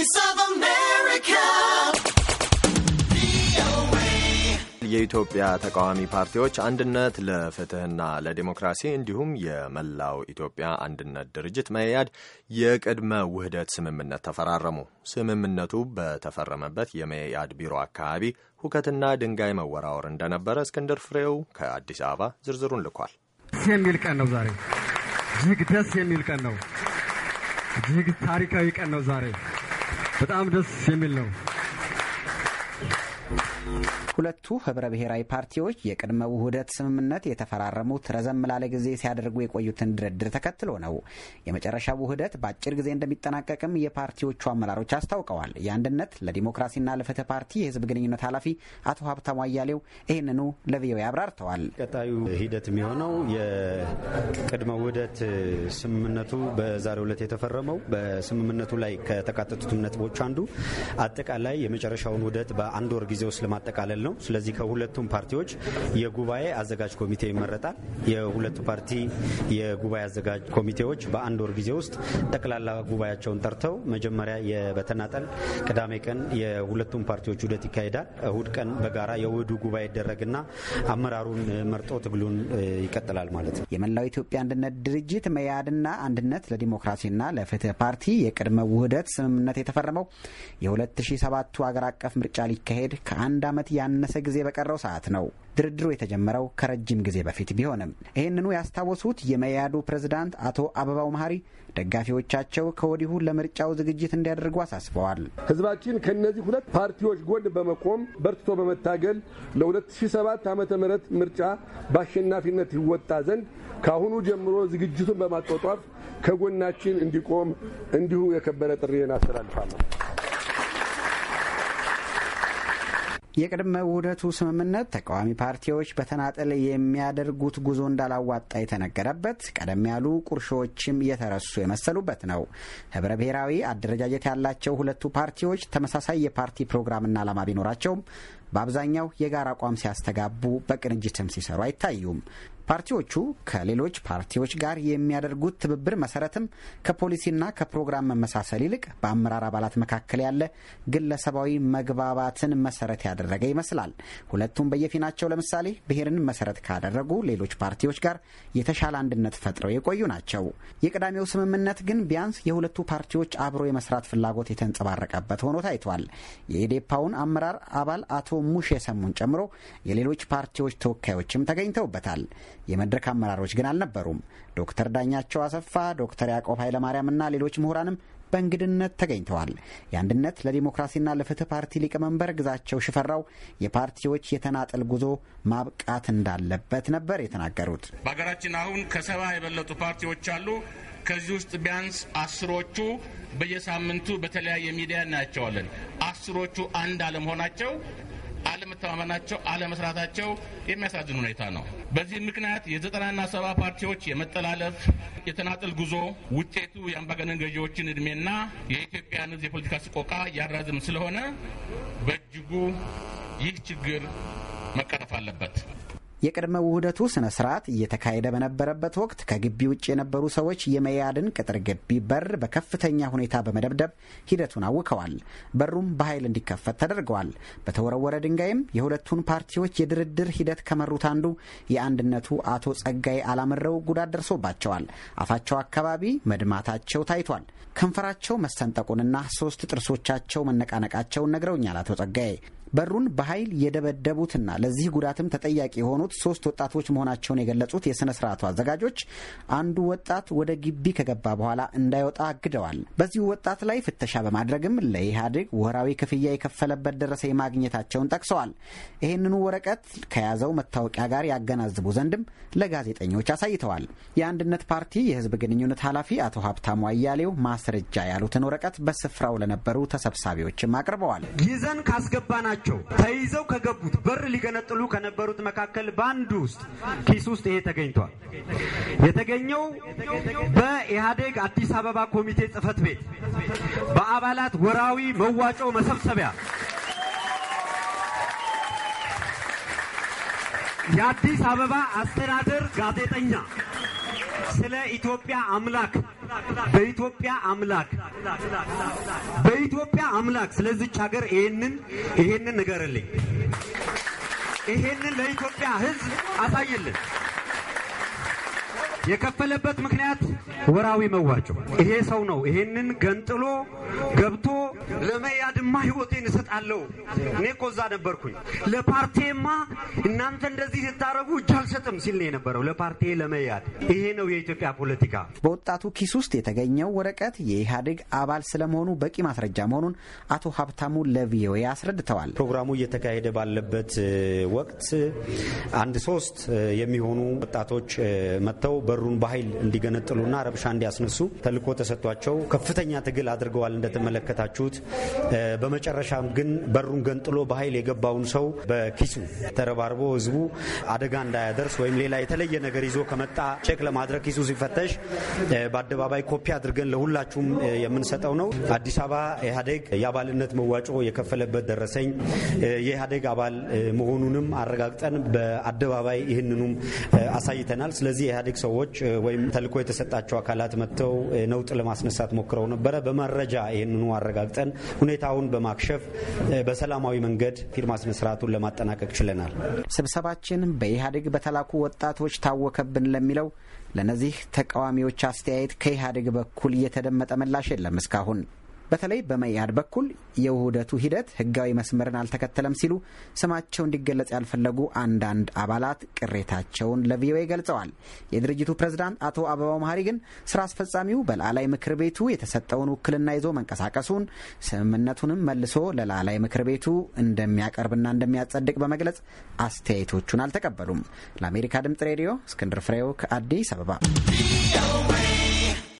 Voice of America. የኢትዮጵያ ተቃዋሚ ፓርቲዎች አንድነት ለፍትህና ለዲሞክራሲ እንዲሁም የመላው ኢትዮጵያ አንድነት ድርጅት መያድ የቅድመ ውህደት ስምምነት ተፈራረሙ። ስምምነቱ በተፈረመበት የመያድ ቢሮ አካባቢ ሁከትና ድንጋይ መወራወር እንደነበረ እስክንድር ፍሬው ከአዲስ አበባ ዝርዝሩን ልኳል። ደስ የሚል ቀን ነው ዛሬ። እጅግ ደስ የሚል ቀን ነው። እጅግ ታሪካዊ ቀን ነው ዛሬ። በጣም ደስ የሚል ነው። ሁለቱ ህብረ ብሔራዊ ፓርቲዎች የቅድመ ውህደት ስምምነት የተፈራረሙት ረዘም ላለ ጊዜ ሲያደርጉ የቆዩትን ድርድር ተከትሎ ነው። የመጨረሻው ውህደት በአጭር ጊዜ እንደሚጠናቀቅም የፓርቲዎቹ አመራሮች አስታውቀዋል። የአንድነት ለዲሞክራሲና ለፍትህ ፓርቲ የህዝብ ግንኙነት ኃላፊ አቶ ሀብታሙ አያሌው ይህንኑ ለቪኦኤ አብራርተዋል። ቀጣዩ ሂደት የሚሆነው የቅድመ ውህደት ስምምነቱ በዛሬው ዕለት የተፈረመው በስምምነቱ ላይ ከተካተቱትም ነጥቦች አንዱ አጠቃላይ የመጨረሻውን ውህደት በአንድ ወር ጊዜ ውስጥ ለማጠቃለል ነው። ነው። ስለዚህ ከሁለቱም ፓርቲዎች የጉባኤ አዘጋጅ ኮሚቴ ይመረጣል። የሁለቱ ፓርቲ የጉባኤ አዘጋጅ ኮሚቴዎች በአንድ ወር ጊዜ ውስጥ ጠቅላላ ጉባኤያቸውን ጠርተው መጀመሪያ በተናጠል ቅዳሜ ቀን የሁለቱም ፓርቲዎች ውህደት ይካሄዳል። እሁድ ቀን በጋራ የውህዱ ጉባኤ ይደረግና አመራሩን መርጦ ትግሉን ይቀጥላል ማለት ነው። የመላው ኢትዮጵያ አንድነት ድርጅት መያድና አንድነት ለዲሞክራሲና ለፍትህ ፓርቲ የቅድመ ውህደት ስምምነት የተፈረመው የ2007ቱ አገር አቀፍ ምርጫ ሊካሄድ ከአንድ ዓመት ያ ያነሰ ጊዜ በቀረው ሰዓት ነው። ድርድሩ የተጀመረው ከረጅም ጊዜ በፊት ቢሆንም ይህንኑ ያስታወሱት የመያዱ ፕሬዝዳንት አቶ አበባው መሀሪ ደጋፊዎቻቸው ከወዲሁ ለምርጫው ዝግጅት እንዲያደርጉ አሳስበዋል። ህዝባችን ከእነዚህ ሁለት ፓርቲዎች ጎን በመቆም በርትቶ በመታገል ለ2007 ዓ ም ምርጫ በአሸናፊነት ይወጣ ዘንድ ከአሁኑ ጀምሮ ዝግጅቱን በማጧጧፍ ከጎናችን እንዲቆም እንዲሁ የከበረ ጥሪዬን አስተላልፋለሁ። የቅድመ ውህደቱ ስምምነት ተቃዋሚ ፓርቲዎች በተናጠል የሚያደርጉት ጉዞ እንዳላዋጣ የተነገረበት ቀደም ያሉ ቁርሾዎችም የተረሱ የመሰሉበት ነው። ህብረ ብሔራዊ አደረጃጀት ያላቸው ሁለቱ ፓርቲዎች ተመሳሳይ የፓርቲ ፕሮግራምና ዓላማ ቢኖራቸውም በአብዛኛው የጋራ አቋም ሲያስተጋቡ፣ በቅንጅትም ሲሰሩ አይታዩም። ፓርቲዎቹ ከሌሎች ፓርቲዎች ጋር የሚያደርጉት ትብብር መሰረትም ከፖሊሲና ከፕሮግራም መመሳሰል ይልቅ በአመራር አባላት መካከል ያለ ግለሰባዊ መግባባትን መሰረት ያደረገ ይመስላል። ሁለቱም በየፊናቸው ለምሳሌ ብሔርን መሰረት ካደረጉ ሌሎች ፓርቲዎች ጋር የተሻለ አንድነት ፈጥረው የቆዩ ናቸው። የቅዳሜው ስምምነት ግን ቢያንስ የሁለቱ ፓርቲዎች አብሮ የመስራት ፍላጎት የተንጸባረቀበት ሆኖ ታይቷል። የኢዴፓውን አመራር አባል አቶ ሙሼ ሰሙን ጨምሮ የሌሎች ፓርቲዎች ተወካዮችም ተገኝተውበታል። የመድረክ አመራሮች ግን አልነበሩም። ዶክተር ዳኛቸው አሰፋ፣ ዶክተር ያዕቆብ ኃይለማርያምና ሌሎች ምሁራንም በእንግድነት ተገኝተዋል። የአንድነት ለዲሞክራሲና ለፍትህ ፓርቲ ሊቀመንበር ግዛቸው ሽፈራው የፓርቲዎች የተናጠል ጉዞ ማብቃት እንዳለበት ነበር የተናገሩት። በሀገራችን አሁን ከሰባ የበለጡ ፓርቲዎች አሉ። ከዚህ ውስጥ ቢያንስ አስሮቹ በየሳምንቱ በተለያየ ሚዲያ እናያቸዋለን። አስሮቹ አንድ አለመሆናቸው መተማመናቸው አለመስራታቸው የሚያሳዝን ሁኔታ ነው። በዚህ ምክንያት የዘጠናና ሰባ ፓርቲዎች የመጠላለፍ የተናጠል ጉዞ ውጤቱ የአምባገነን ገዢዎችን እድሜና የኢትዮጵያን ሕዝብ የፖለቲካ ስቆቃ ያራዝም ስለሆነ በእጅጉ ይህ ችግር መቀረፍ አለበት። የቅድመ ውህደቱ ስነ ስርዓት እየተካሄደ በነበረበት ወቅት ከግቢ ውጭ የነበሩ ሰዎች የመያድን ቅጥር ግቢ በር በከፍተኛ ሁኔታ በመደብደብ ሂደቱን አውከዋል። በሩም በኃይል እንዲከፈት ተደርገዋል። በተወረወረ ድንጋይም የሁለቱን ፓርቲዎች የድርድር ሂደት ከመሩት አንዱ የአንድነቱ አቶ ጸጋይ አላምረው ጉዳት ደርሶባቸዋል። አፋቸው አካባቢ መድማታቸው ታይቷል። ከንፈራቸው መሰንጠቁንና ሶስት ጥርሶቻቸው መነቃነቃቸውን ነግረውኛል አቶ ጸጋዬ በሩን በኃይል የደበደቡትና ለዚህ ጉዳትም ተጠያቂ የሆኑት ሶስት ወጣቶች መሆናቸውን የገለጹት የሥነ ስርዓቱ አዘጋጆች አንዱ ወጣት ወደ ግቢ ከገባ በኋላ እንዳይወጣ አግደዋል። በዚሁ ወጣት ላይ ፍተሻ በማድረግም ለኢህአዴግ ወራዊ ክፍያ የከፈለበት ደረሰ ማግኘታቸውን ጠቅሰዋል። ይህንኑ ወረቀት ከያዘው መታወቂያ ጋር ያገናዝቡ ዘንድም ለጋዜጠኞች አሳይተዋል። የአንድነት ፓርቲ የህዝብ ግንኙነት ኃላፊ አቶ ሀብታሙ አያሌው ማስረጃ ያሉትን ወረቀት በስፍራው ለነበሩ ተሰብሳቢዎችም አቅርበዋል። ይዘን ካስገባናቸው ናቸው። ተይዘው ከገቡት በር ሊገነጥሉ ከነበሩት መካከል በአንድ ውስጥ ኪስ ውስጥ ይሄ ተገኝቷል። የተገኘው በኢህአዴግ አዲስ አበባ ኮሚቴ ጽህፈት ቤት በአባላት ወራዊ መዋጮ መሰብሰቢያ የአዲስ አበባ አስተዳደር ጋዜጠኛ ስለ ኢትዮጵያ አምላክ በኢትዮጵያ አምላክ በኢትዮጵያ አምላክ ስለዚች ሀገር ይሄንን ይሄንን ንገርልኝ። ይሄንን ለኢትዮጵያ ሕዝብ አሳይልን። የከፈለበት ምክንያት ወራዊ መዋጮ ይሄ ሰው ነው። ይሄንን ገንጥሎ ገብቶ ለመያድማ ህይወቴን እሰጣለሁ። እኔ እኮ እዛ ነበርኩኝ። ለፓርቲማ እናንተ እንደዚህ ስታረጉ እጅ አልሰጥም ሲል ነው የነበረው። ለፓርቲ ለመያድ ይሄ ነው የኢትዮጵያ ፖለቲካ። በወጣቱ ኪስ ውስጥ የተገኘው ወረቀት የኢህአዴግ አባል ስለመሆኑ በቂ ማስረጃ መሆኑን አቶ ሀብታሙ ለቪኦኤ አስረድተዋል። ፕሮግራሙ እየተካሄደ ባለበት ወቅት አንድ ሶስት የሚሆኑ ወጣቶች መጥተው በሩን በኃይል እንዲገነጥሉና ረብሻ እንዲያስነሱ ተልኮ ተሰጥቷቸው ከፍተኛ ትግል አድርገዋል እንደተመለከታችሁት። በመጨረሻም ግን በሩን ገንጥሎ በኃይል የገባውን ሰው በኪሱ ተረባርቦ ህዝቡ አደጋ እንዳያደርስ ወይም ሌላ የተለየ ነገር ይዞ ከመጣ ቼክ ለማድረግ ኪሱ ሲፈተሽ በአደባባይ ኮፒ አድርገን ለሁላችሁም የምንሰጠው ነው። አዲስ አበባ ኢህአዴግ የአባልነት መዋጮ የከፈለበት ደረሰኝ የኢህአዴግ አባል መሆኑንም አረጋግጠን በአደባባይ ይህንኑም አሳይተናል። ስለዚህ የኢህአዴግ ሰዎች ሰዎች ወይም ተልእኮ የተሰጣቸው አካላት መጥተው ነውጥ ለማስነሳት ሞክረው ነበረ። በመረጃ ይህንኑ አረጋግጠን ሁኔታውን በማክሸፍ በሰላማዊ መንገድ ፊርማ ስነስርዓቱን ለማጠናቀቅ ችለናል። ስብሰባችን በኢህአዴግ በተላኩ ወጣቶች ታወከብን ለሚለው ለእነዚህ ተቃዋሚዎች አስተያየት ከኢህአዴግ በኩል እየተደመጠ ምላሽ የለም እስካሁን በተለይ በመያድ በኩል የውህደቱ ሂደት ህጋዊ መስመርን አልተከተለም ሲሉ ስማቸው እንዲገለጽ ያልፈለጉ አንዳንድ አባላት ቅሬታቸውን ለቪኦኤ ገልጸዋል። የድርጅቱ ፕሬዝዳንት አቶ አበባው መሀሪ ግን ስራ አስፈጻሚው በላላይ ምክር ቤቱ የተሰጠውን ውክልና ይዞ መንቀሳቀሱን ስምምነቱንም መልሶ ለላላይ ምክር ቤቱ እንደሚያቀርብና እንደሚያጸድቅ በመግለጽ አስተያየቶቹን አልተቀበሉም። ለአሜሪካ ድምጽ ሬዲዮ እስክንድር ፍሬው ከአዲስ አበባ